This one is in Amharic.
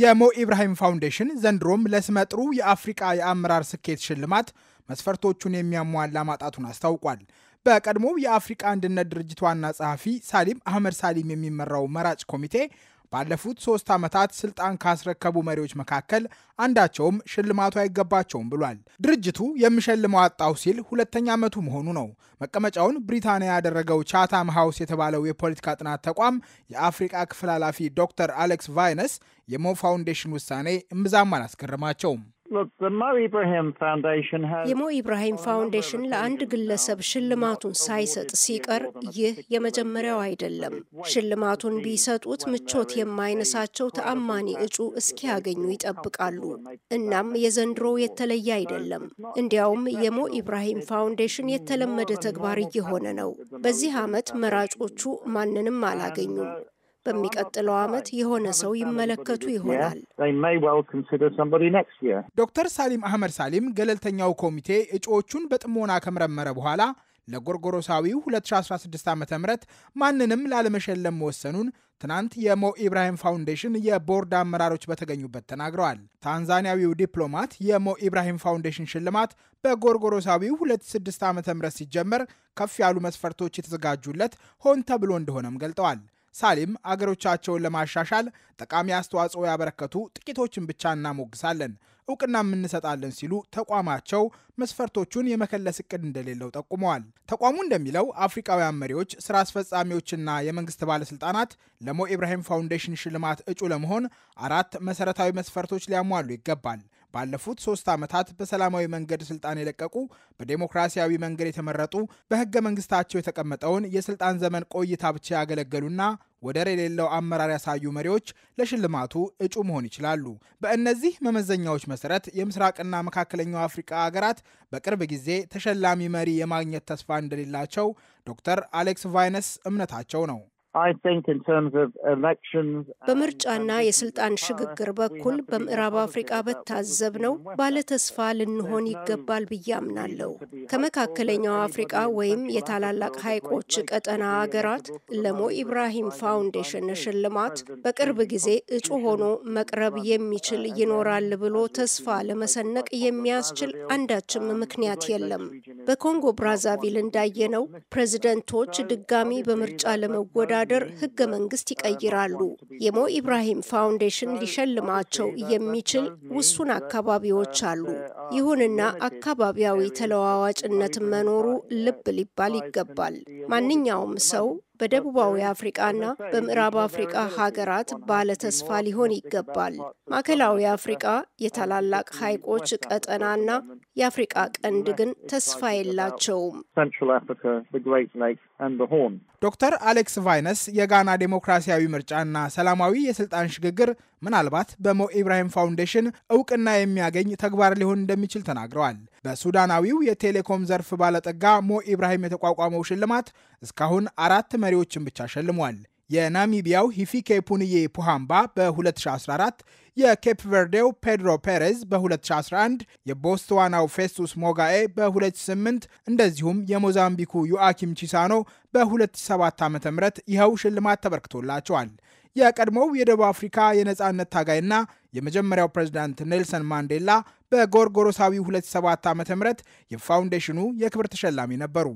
የሞ ኢብራሂም ፋውንዴሽን ዘንድሮም ለስመጥሩ የአፍሪቃ የአመራር ስኬት ሽልማት መስፈርቶቹን የሚያሟላ ማጣቱን አስታውቋል። በቀድሞው የአፍሪቃ አንድነት ድርጅት ዋና ጸሐፊ ሳሊም አህመድ ሳሊም የሚመራው መራጭ ኮሚቴ ባለፉት ሶስት ዓመታት ስልጣን ካስረከቡ መሪዎች መካከል አንዳቸውም ሽልማቱ አይገባቸውም ብሏል። ድርጅቱ የሚሸልመው አጣሁ ሲል ሁለተኛ ዓመቱ መሆኑ ነው። መቀመጫውን ብሪታንያ ያደረገው ቻታም ሃውስ የተባለው የፖለቲካ ጥናት ተቋም የአፍሪቃ ክፍል ኃላፊ ዶክተር አሌክስ ቫይነስ የሞ ፋውንዴሽን ውሳኔ እምብዛም አላስገረማቸውም። የሞ ኢብራሂም ፋውንዴሽን ለአንድ ግለሰብ ሽልማቱን ሳይሰጥ ሲቀር ይህ የመጀመሪያው አይደለም። ሽልማቱን ቢሰጡት ምቾት የማይነሳቸው ተአማኒ እጩ እስኪያገኙ ይጠብቃሉ። እናም የዘንድሮው የተለየ አይደለም። እንዲያውም የሞ ኢብራሂም ፋውንዴሽን የተለመደ ተግባር እየሆነ ነው። በዚህ ዓመት መራጮቹ ማንንም አላገኙም። በሚቀጥለው ዓመት የሆነ ሰው ይመለከቱ ይሆናል። ዶክተር ሳሊም አህመድ ሳሊም ገለልተኛው ኮሚቴ እጩዎቹን በጥሞና ከመረመረ በኋላ ለጎርጎሮሳዊው 2016 ዓ ም ማንንም ላለመሸለም መወሰኑን ትናንት የሞ ኢብራሂም ፋውንዴሽን የቦርድ አመራሮች በተገኙበት ተናግረዋል። ታንዛኒያዊው ዲፕሎማት የሞ ኢብራሂም ፋውንዴሽን ሽልማት በጎርጎሮሳዊው 26 ዓ ም ሲጀመር ከፍ ያሉ መስፈርቶች የተዘጋጁለት ሆን ተብሎ እንደሆነም ገልጠዋል። ሳሊም አገሮቻቸውን ለማሻሻል ጠቃሚ አስተዋጽኦ ያበረከቱ ጥቂቶችን ብቻ እናሞግሳለን። እውቅና እንሰጣለን ሲሉ ተቋማቸው መስፈርቶቹን የመከለስ እቅድ እንደሌለው ጠቁመዋል። ተቋሙ እንደሚለው አፍሪካውያን መሪዎች፣ ስራ አስፈጻሚዎችና የመንግስት ባለስልጣናት ለሞ ኢብራሂም ፋውንዴሽን ሽልማት እጩ ለመሆን አራት መሰረታዊ መስፈርቶች ሊያሟሉ ይገባል። ባለፉት ሶስት ዓመታት በሰላማዊ መንገድ ስልጣን የለቀቁ በዴሞክራሲያዊ መንገድ የተመረጡ በህገ መንግስታቸው የተቀመጠውን የስልጣን ዘመን ቆይታ ብቻ ያገለገሉና ወደር የሌለው አመራር ያሳዩ መሪዎች ለሽልማቱ እጩ መሆን ይችላሉ። በእነዚህ መመዘኛዎች መሰረት የምስራቅና መካከለኛው አፍሪካ አገራት በቅርብ ጊዜ ተሸላሚ መሪ የማግኘት ተስፋ እንደሌላቸው ዶክተር አሌክስ ቫይነስ እምነታቸው ነው። በምርጫና የስልጣን ሽግግር በኩል በምዕራብ አፍሪቃ ነው ባለተስፋ ልንሆን ይገባል ብዬ አምናለሁ። ከመካከለኛው አፍሪቃ ወይም የታላላቅ ሐይቆች ቀጠና አገራት ለሞ ኢብራሂም ፋውንዴሽን ሽልማት በቅርብ ጊዜ እጩ ሆኖ መቅረብ የሚችል ይኖራል ብሎ ተስፋ ለመሰነቅ የሚያስችል አንዳችም ምክንያት የለም። በኮንጎ ብራዛቪል እንዳየነው ፕሬዚደንቶች ድጋሚ በምርጫ ለመወዳ አስተዳደር ህገ መንግስት ይቀይራሉ። የሞ ኢብራሂም ፋውንዴሽን ሊሸልማቸው የሚችል ውሱን አካባቢዎች አሉ። ይሁንና አካባቢያዊ ተለዋዋጭነትን መኖሩ ልብ ሊባል ይገባል። ማንኛውም ሰው በደቡባዊ አፍሪቃና በምዕራብ አፍሪቃ ሀገራት ባለተስፋ ሊሆን ይገባል። ማዕከላዊ አፍሪቃ የታላላቅ ሐይቆች ቀጠናና የአፍሪቃ ቀንድ ግን ተስፋ የላቸውም። ዶክተር አሌክስ ቫይነስ የጋና ዴሞክራሲያዊ ምርጫና ሰላማዊ የስልጣን ሽግግር ምናልባት በሞ ኢብራሂም ፋውንዴሽን እውቅና የሚያገኝ ተግባር ሊሆን እንደሚችል ተናግረዋል። በሱዳናዊው የቴሌኮም ዘርፍ ባለጠጋ ሞ ኢብራሂም የተቋቋመው ሽልማት እስካሁን አራት መሪዎችን ብቻ ሸልሟል። የናሚቢያው ሂፊኬፑንዬ ፑሃምባ በ2014 የኬፕ ቨርዴው ፔድሮ ፔሬዝ በ2011 የቦትስዋናው ፌስቱስ ሞጋኤ በ2008 እንደዚሁም የሞዛምቢኩ ዮአኪም ቺሳኖ በ2007 ዓ ም ይኸው ሽልማት ተበርክቶላቸዋል። የቀድሞው የደቡብ አፍሪካ የነፃነት ታጋይና የመጀመሪያው ፕሬዝዳንት ኔልሰን ማንዴላ በጎርጎሮሳዊ 2007 ዓ ም የፋውንዴሽኑ የክብር ተሸላሚ ነበሩ።